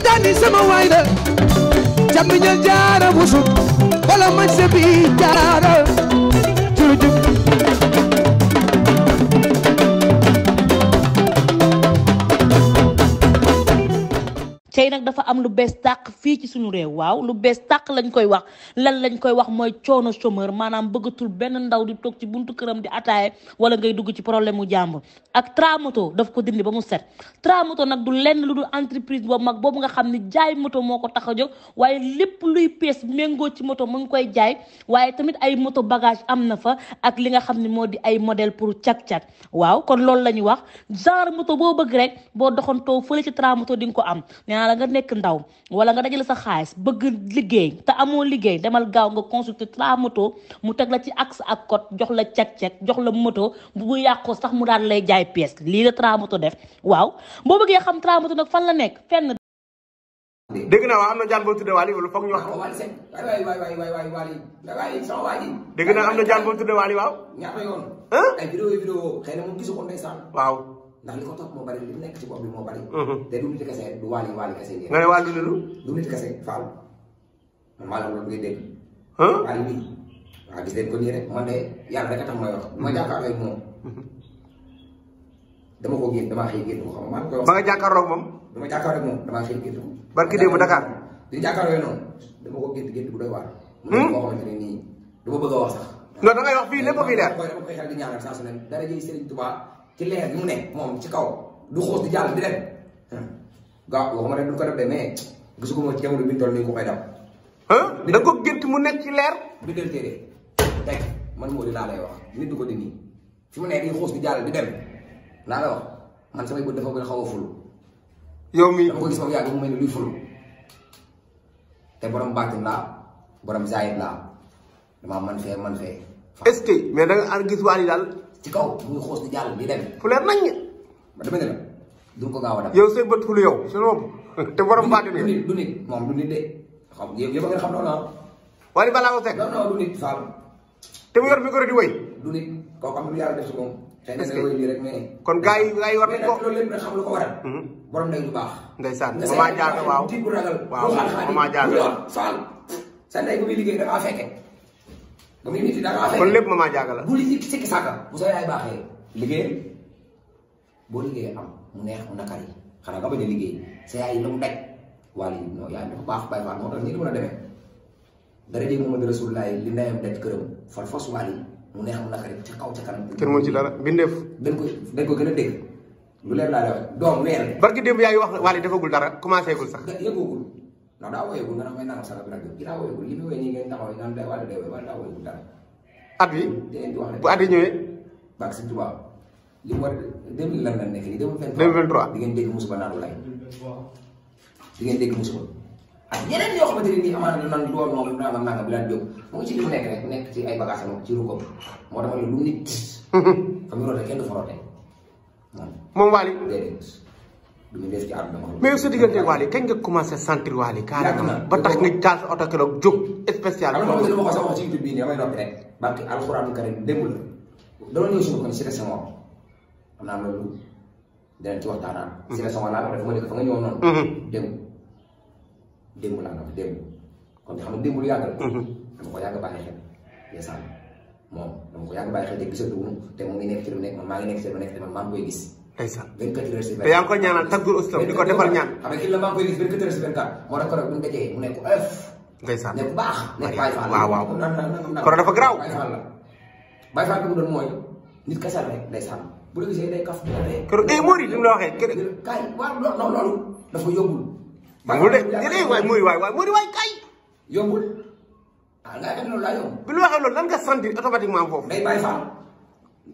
tijani sama waay la jàmm ñal jaara busuk wala man se bi jaara tey nag dafa am lu bees tàq fii ci suñu réew waaw lu bees tàq lañ koy wax lan lañ koy wax mooy coono chômeur maanaam bëggatul benn ndaw di toog ci buntu këram di ataaye wala ngay dugg ci problème mu jàmbur ak moto daf ko dindi ba mu set tramoto nag du lenn lu dul entreprise boobu mag boobu nga xam ni jaay moto moo ko tax a jóg waaye lépp luy pees méngoo ci moto mu ngi koy jaay waaye tamit ay moto bagage am na fa ak li nga xam ne moo di ay modèle pour cag waaw kon loolu la ñuy wax genre moto boo bëgg rek boo doxantoo fële di nga ko am wala nga nekk ndaw wala nga dajale sa xaalis bëgg liggéey te amoo liggéey demal gaaw nga consulter trois moto mu teg la ci axe ak cot jox la cek-cek jox la moto bu yàqoo sax mu daan lay jaay pièce lii la trois moto def waaw boo bëggee xam trois moto nag fan la nekk fenn dégg naa waa am na jaan boo tudde waali loolu foog ñu wax waay waay waay waay waali dégg naa am na jaan boo tudde waali waaw ñaata yoon ay vidéo vidéo na moom gisu ko ndeysaan waaw ndax li ko topp moo bari li nekk ci bopp bi moo bari. Mhm. te du nit kese du waali waali kese nga ne waali loolu. du nit kese faalu man maa la loolu ngay dégg. waali bi waaw gis leen ko nii rek man de yàlla rek a tax ma yor ma mhm. jàkkaarloo moom. Mhm. dama ko génn damaa xëy génn ko xam nga maa ko wax. ba nga jàkkaarloo moom. dama jàkkaarloo moom damaa xëy génn ko. barki démb Dakar. di jàkkaarloo noonu dama ko génn génn bu doy waar. Hmm? mu ko xamante ne nii du ma bëgg a wax sax. non da ngay wax fii lépp fii leer. dama koy xel di ñaanal saa su ne dara jëy Serigne Touba ci leer bi mu ne moom ci kaw du xuus di jàll di dem gaaw waxuma ne du ko def de mais gisu ko moom ci jamono bi toll nii ko koy daw. da ko mu nekk ci leer. man moo di lay wax du ko di nii fi mu ne di xuus di jàll di dem laa la wax man samay bët dafa gën xaw a fulu. yow mi dama ko gis moom yàgg mu mel ni luy fulu te borom baatin laa borom zaayit laa damaa gis waa ni daal. ci kaw muy xoos di jàll fu leer naññ. yow seen bët ful yow si loolu. te borom baati bi du nit du nit moom du nit de xam yow yow ngeen xam loolu ah. te mu yor micro di wéy. du nit kooku am lu yàlla def si moom. kon gars yi gars yi war nañu ko loolu mhm. sa ndey liggéey dafaa fekke comme nit kon lépp maman Diaga la. bu li ci sa liggéey boo liggéey am mu neex mu nakar xanaa nga bañ a liggéey sa yaay yi la mu daj wàll yi yaay dafa baax bàyyi baax moo tax a demee dara ji moom Rasulullah li ndeyam daj këram fal fos mu neex mu nakar yi ca kaw ca kanam. kenn moo ci dara bindeef. dañ ko dañ ko gën a dégg lu leer laa doon doom weer. barki démb yaay wax wàll yi defagul dara commencé gul sax. yëgagul. non daa woyeegul nga ne may naan sala bi nag ci daa woyeegul li muy woy nii ngeen taxaw yi mu war deux lan la nekk nii deux mille vingt trois di ngeen dégg di ngeen dégg musiba ak yeneen yoo xamante ne du naan doon moom naa naan naan bi mu ngi ci li mu nekk rek nekk ci ay bagages am ci rukom moom Waly lu des ci àdduna mais yow sa diggante Wally kañ nga commencé sentir Wally carrément ba tax nga taal sa oto keroog jóg spécial. am na lu ma wax sax wax ci YouTube bii nii damay noppi rek. barke alxuraanu karim démb la dama ñëw suñu kon si la sama ma naa loolu dinañ ci waxtaanaan. si la sama laa ko def ma nekk fa nga ñëwoon noonu. Mm-hmm. démb démb kon xam nga démb lu yàgg la. Mm-hmm. dama ko yàgg bàyyi xel ndeysaan moom dama ko ngi nekk ci lu nekk man maa ngi nekk ci lu nekk te maa ngi koy gis ndeysaan te yaa ngi ko ñaanal di ko defal ñaan xam nga kii la maa ngi koy gis 24 waaw waaw kon dafa garaaw Baye Fall la Baye Fall bi mu doon mooy nit kasal rek ndeysaan bu la day kaf keroog eh Mori li mu la waxee keroog kaay de ñeneen waay Mori waay waay Mori waay kaay yóbbul ah ngaa def loolu laa yóbbu bi lu waxee loolu lan nga sentir automatiquement foofu day Baye Fall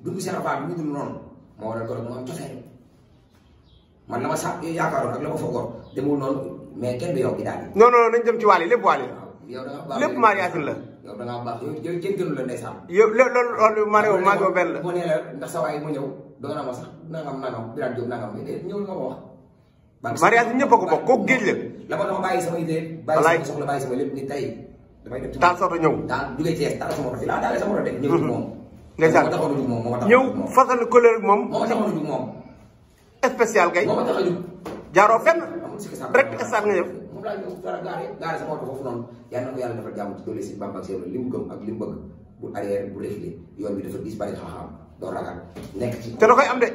dugg seen moo waral goro mu am cofeel man la ma sax yaakaaroon ak la ma foogoon demul noonu mais kenn du yow gi daal. non non nañ dem ci waale lépp waale. yow da nga baax la. yow da nga baax yow yow kenn gënu la ndeysaan. yow loolu loolu mu ñëw doon na nga ma wax. mariage bi ñëpp a ko bokk kooku géej la. la ma doon bàyyi sama idée. bàyyi sama soxla bàyyi sama lépp ni tey. damay dem ci ñëw. taal jugee Thiès taal sama moto fi laa daale sama moto de. ñëw ci moom. ngay sànni ñëw fasal couleur ak moom. spécial kay. jaaroo fenn. rek stade nga def. moom laa ñëw dara gaare gaare sama oto foofu noonu li mu gëm ak li mu bëgg bu arrière bu réglé yoon bi dafa gis bari doo ragal nekk ci. te da koy am de.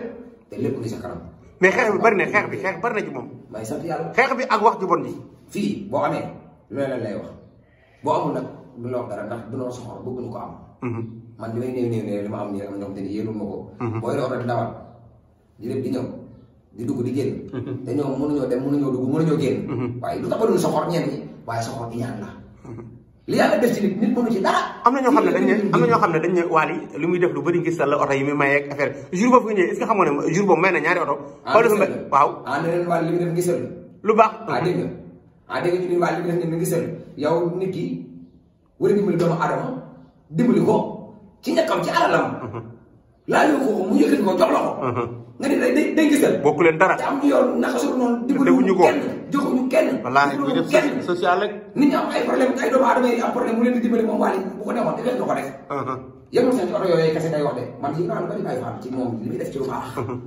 te lépp ngi sa kanam. mais xeex bi bari na xeex bi xeex bari na ci moom. may sant yàlla. xeex bi ak wax ju bon fii boo amee lu ne lay wax boo amul nag du la wax dara ndax du la soxor bëgguñu ko am. Mhm. man li may néew néew néew li ma am nii rek am na te ne yéenul ma ko. Mhm. booy door rek dawal di dem di ñëw di dugg di génn. Mhm. te ñoom dem mënuñoo dugg mënuñoo génn. Mhm. waaye lu tax ba duñ soxor li yàlla na ñoo xam ne dañ na ñoo xam ne dañ ne waali li muy def lu bëri ngir la oto yi muy mayeeg affaire jour boobu nga ñëwee est ce que xam nga ne may na ñaari oto. ah gis nga waaw. ah nee nañ waali li lu baax. ah dégg nga ah dégg nga ñu ne waali ki war a ci ñàkkam ci alalam. laa yóbbu mu yëkkati ko jox la ko. nga ne day day day gisal. dara am ñu yoon naka su noonu. ko kenn joxuñu kenn. wallaahi muy def kenn social ay problème ay doomu aadama yi am problème mu leen di dimbali moom waa bu ko demoon uh-huh. wax de man yi maanaam dañu bàyyi faam ci moom li muy def uh-huh.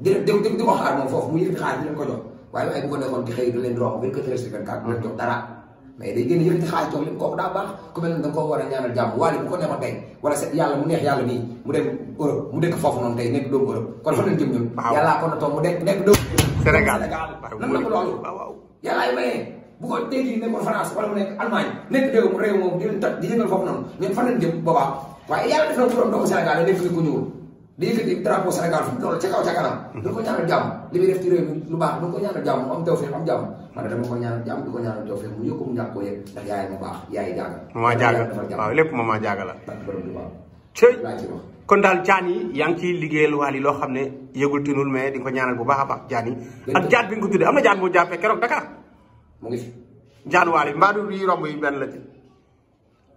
di di di ko xaar moom foofu mu yëkkati xaar di leen ko jox waaye waaye bu ko nekkoon di xëy di leen di wax 24 heures sur 24 du leen jox dara mais day génn yëkkati xaalis jox leen kooku daa baax ku mel ne da nga koo war a ñaanal jàmm waale bu ko neexoon tey wala set yàlla mu neex yàlla nii mu dem Europe mu dëkk foofu noonu tey nekk doomu Europe kon fan lañ jëm ñun yàllaa ko na mu nekk nekk la ko loolu yàllaay mayee bu ko dégg nekkoon France wala mu nekk Allemagne noonu ñun fan waaye yàlla def na ko doom doomu Sénégal nekk ni ku ñuul di yëkkati drapeau Sénégal fu mu toll ca kaw ca kanam. Mm-hmm. du ko ñaanal jàmm li muy def ci réew mi lu baax du ko ñaanal jàmm mu am tawfeex am jàmm man de dama ko ñaanal jàmm di ko ñaanal tawfeex mu yëg ko mu ñàkk koo yëg ndax yaay ma baax yaay jaaga. ma jaaga waaw lépp ma ma jaaga la. cëy kon daal jaan yi yaa ngi ciy liggéeyal waali loo xam ne yëgul tinul mais di nga ko ñaanal bu baax a baax jaan yi. ak jaan bi nga ko tuddee am na jaan boo jàppee keroog Dakar. mu ngi fi jaan waali mbaa du yi romb yi benn la ci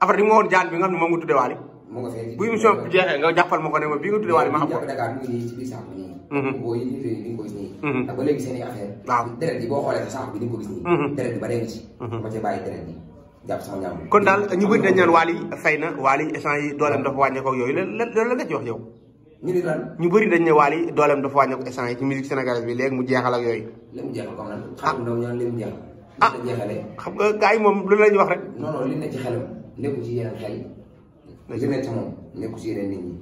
affaire di nga woon jaan bi nga xam ne moom nga tuddee waali mu nga fee. bu émission bi jeexee nga jàppal ma ko ne ma bii nga tuddee waale ma xam ko. i affaire. waaw deret bi boo xoolee sa saako bi ni nga ko nii. Mhm. ba dee ci. Mhm. kon daal ñu bëri dañ naan Wally fay na Wally essence yi dooleem dafa wàññeekoo yooyu lan lan lan ci wax yow. ñu ni lan ñu bëri dañ ne Wally dooleem dafa wàññeeku essence yi ci musique sénégalaise bi léegi mu jeexal ak yooyu. li mu jeexal ah. ah. xam nga ñoom ah xam yi moom lu la ñu wax rek. non nga jëmee ci moom nekku ci yeneen nit ñi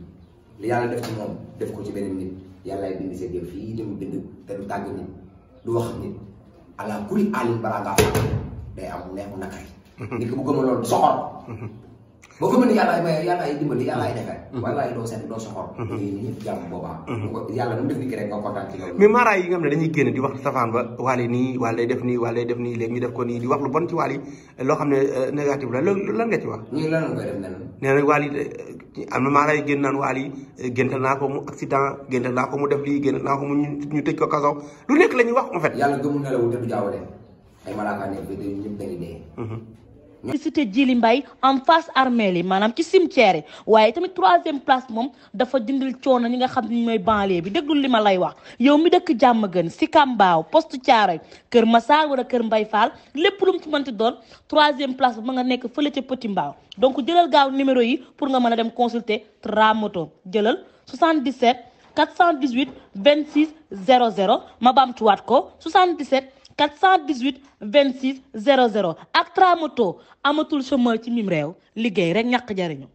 li yàlla def ci moom def ko ci beneen nit yàllaay bind sa jëf fii dem bind te du tàgg nit du wax nit ala kuli alin balaa ngaa day am neexu nakari nit ki bu gëma loolu soxor boo ko mën yàlla ay maye yàlla ay dimbali yàlla ay defee. wala ay doo seen nga kontaan ci loolu. mais maraay yi nga xam ne dañuy génn di wax safaan ba waale nii waale def nii waale def nii léegi ñu def ko nii di wax lu bon ci waal yi loo xam ne négatif la loolu lan nga ci wax. ñun lan la koy def leneen. nee na waal yi am na maraay génn naan waal yi géntal naa ko mu accident géntal naa ko mu def lii géntal naa ko mu ñu tëj ko kaso lu nekk lañuy wax en fait. yàlla gëmul nelawul te du jaawale ay malaaka nekk ñëpp cité Djili mbay en face armeel yi maanaam ci cimetière yi waaye tamit troisième place moom dafa dindil coono ñi nga xam ne ñooy banlieue bi déglul li ma lay wax yow mi dëkk jàmm gën si Kambaaw poste Thiaroye Kër Massar wala Kër Mbay faal lépp lu mu ci mënti doon troisième place ba ma nga nekk fële ca Petit Mbaaw donc jëlal gaaw numéro yi pour nga mën a dem consulter Tramoto jëlal 77 418 26 00 ma baamtuwaat ko 77 418 26 00 ak Tramoto amatul chômeur ci mim réew liggéey rek ñàkk jariñu